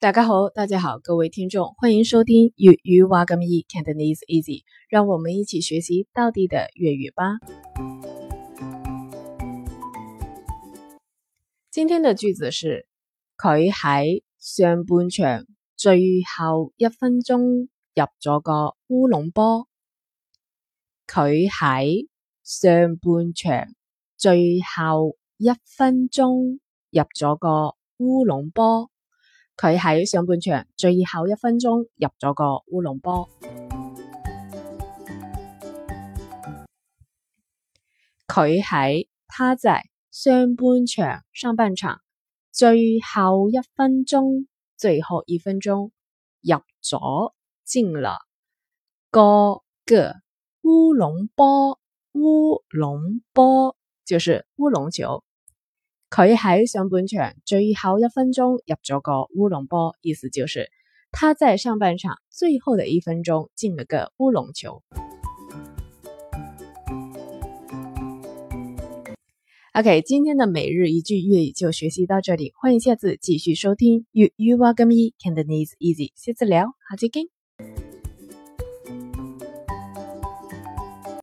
大家好，大家好，各位聽眾，歡迎收聽粵語話咁易，Cantonese Easy，讓我們一起學習地道的粵語吧。今天的句子是：佢喺上半場最後一分鐘入咗個烏龍波。佢喺上半場最後一分鐘入咗個烏龍波。佢喺上半場最後一分鐘入咗個烏龍波。佢喺，他在上半場上半場，最後一分鐘最後一分鐘，入咗，進了個個，烏龍波，烏龍波就是烏龍球。佢喺上半場最後一分鐘入咗個烏龍波，意思就是他在上半場最後的一分鐘進了個烏龍球。OK，今天的每日一句粵語就學習到這裏，歡迎下次繼續收聽。You you are Cantonese made easy，下次聊，好再見。